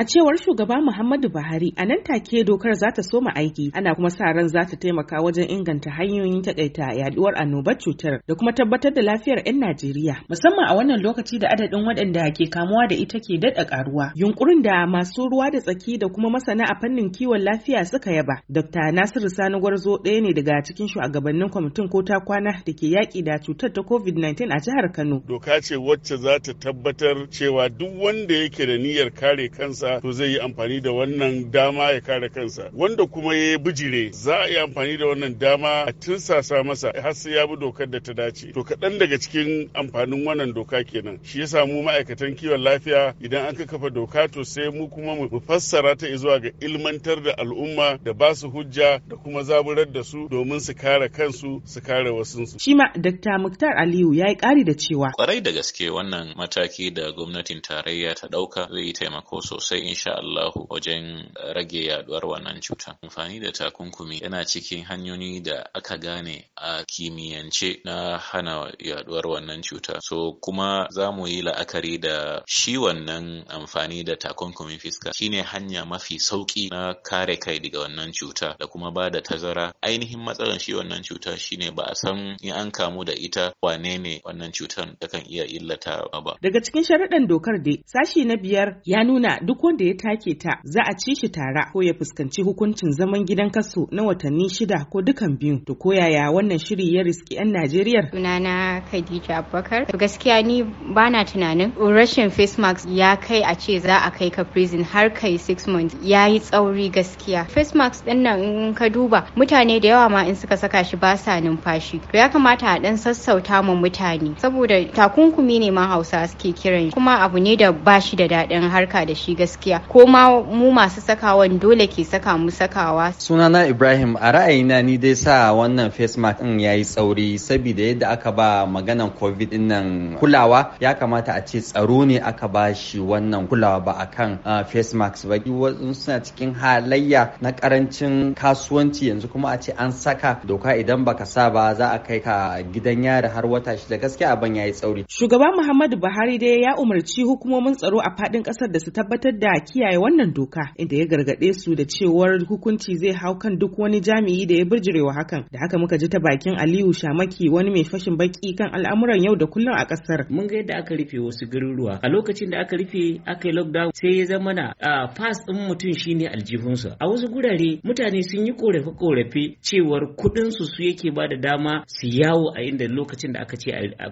A cewar shugaba Muhammadu Buhari a nan take dokar za ta soma aiki ana kuma sa ran za ta taimaka wajen inganta hanyoyin takaita yaduwar annobar cutar da kuma tabbatar da lafiyar 'yan Najeriya musamman a wannan lokaci da adadin waɗanda ke kamuwa da ita ke daɗa ƙaruwa. Yunkurin da masu ruwa da tsaki da kuma masana a fannin kiwon lafiya suka yaba. Dr. Nasiru Sani Gwarzo ɗaya ne daga cikin shugabannin kwamitin ko ta kwana da ke yaƙi da cutar ta COVID-19 a jihar Kano. Doka ce wacce za ta tabbatar cewa duk wanda yake da niyyar kare kansa kansa to zai yi amfani da wannan dama ya kare kansa wanda kuma ya bijire za a yi amfani da wannan dama a tinsasa masa har sai ya bi dokar da ta dace to kaɗan daga cikin amfanin wannan doka kenan shi ya samu ma'aikatan kiwon lafiya idan an kafa doka to sai mu kuma mu fassara ta zuwa ga ilmantar da al'umma da ba su hujja da kuma zaburar da su domin su kare kansu su kare wasunsu. Shi ma Dr. Muktar Aliyu ya yi ƙari da cewa. Kwarai da gaske wannan mataki da gwamnatin tarayya ta ɗauka zai yi taimako sosai sosai insha Allah wajen rage yaduwar wannan cuta. Amfani da takunkumi yana cikin hanyoyi da aka gane a kimiyyance na hana yaduwar wannan cuta. So kuma za mu yi la'akari da shi wannan amfani da takunkumin fiska shine hanya mafi sauki na kare kai daga wannan cuta da kuma ba da tazara. Ainihin matsalar shi wannan cuta shine ba a san in an kamu da ita wane ne wannan cutar da kan iya illata ba. Daga cikin sharaɗan dokar dai sashi na biyar ya nuna duk da ya take ta za a ci shi tara ko ya fuskanci hukuncin zaman gidan kaso na watanni shida ko dukan biyu to ko yaya wannan shiri ya riski 'yan Najeriya? Sunana Khadija Abubakar. Gaskiya ni bana tunanin rashin face mask ya kai a ce za a kai ka prison har kai 6 months ya yi tsauri gaskiya. Face mask din nan in ka duba mutane da yawa ma in suka saka shi ba sa numfashi. To ya kamata a dan sassauta ma mutane saboda takunkumi ne ma Hausa suke kiran kuma abu ne da ba shi da daɗin harka da shi gaskiya. gaskiya ko ma mu masu sakawan dole ke saka mu sakawa sunana ibrahim a ra'ayina ni dai sa wannan face mask din yayi tsauri saboda yadda aka ba maganan covid din nan kulawa ya kamata a ce tsaro ne aka ba shi wannan kulawa ba akan face mask ba suna cikin halayya na karancin kasuwanci yanzu kuma a ce an saka doka idan baka sa ba za a kai ka gidan yari har wata shida gaskiya abin yayi tsauri shugaba muhammadu buhari dai ya umarci hukumomin tsaro a faɗin ƙasar da su tabbatar da da kiyaye wannan doka inda ya gargaɗe su da cewar hukunci zai hau kan duk wani jami'i da ya wa hakan da haka muka ji ta bakin Aliyu Shamaki wani mai fashin baki kan al'amuran yau da kullum a ƙasar. Mun ga yadda aka rufe wasu garuruwa a lokacin da aka rufe aka yi lockdown sai ya zama na pass ɗin mutum shine aljihunsa a wasu gurare mutane sun yi korafe-korafe cewar kuɗinsu su su yake ba da dama su yawo a inda lokacin da aka ce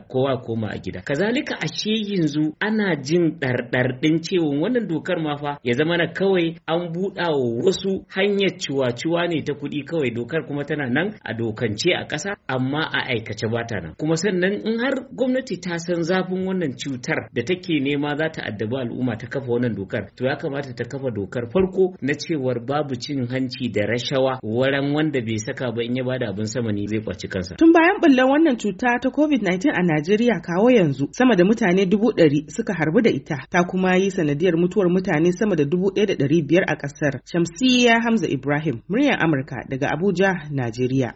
kowa koma a gida. Kazalika ashe yanzu ana jin ɗarɗar ɗin cewa wannan dokar kar ma fa ya zama na kawai an buɗa wa wasu hanyar ciwa-ciwa ne ta kuɗi kawai dokar kuma tana nan a dokance a ƙasa amma a aikace ba ta nan kuma sannan in har gwamnati ta san zafin wannan cutar da take nema za ta addaba al'umma ta kafa wannan dokar to ya kamata ta kafa dokar farko na cewar babu cin hanci da rashawa waran wanda bai saka ba in ya bada abin sama ne zai kwaci kansa tun bayan bullan wannan cuta ta covid-19 a Najeriya kawo yanzu sama da mutane dubu ɗari suka harbu da ita ta kuma yi sanadiyar mutuwar mutane mutane sama da dubu ɗaya da ɗari biyar a ƙasar. Shamsiyya Hamza Ibrahim, muryar Amurka daga Abuja, Najeriya.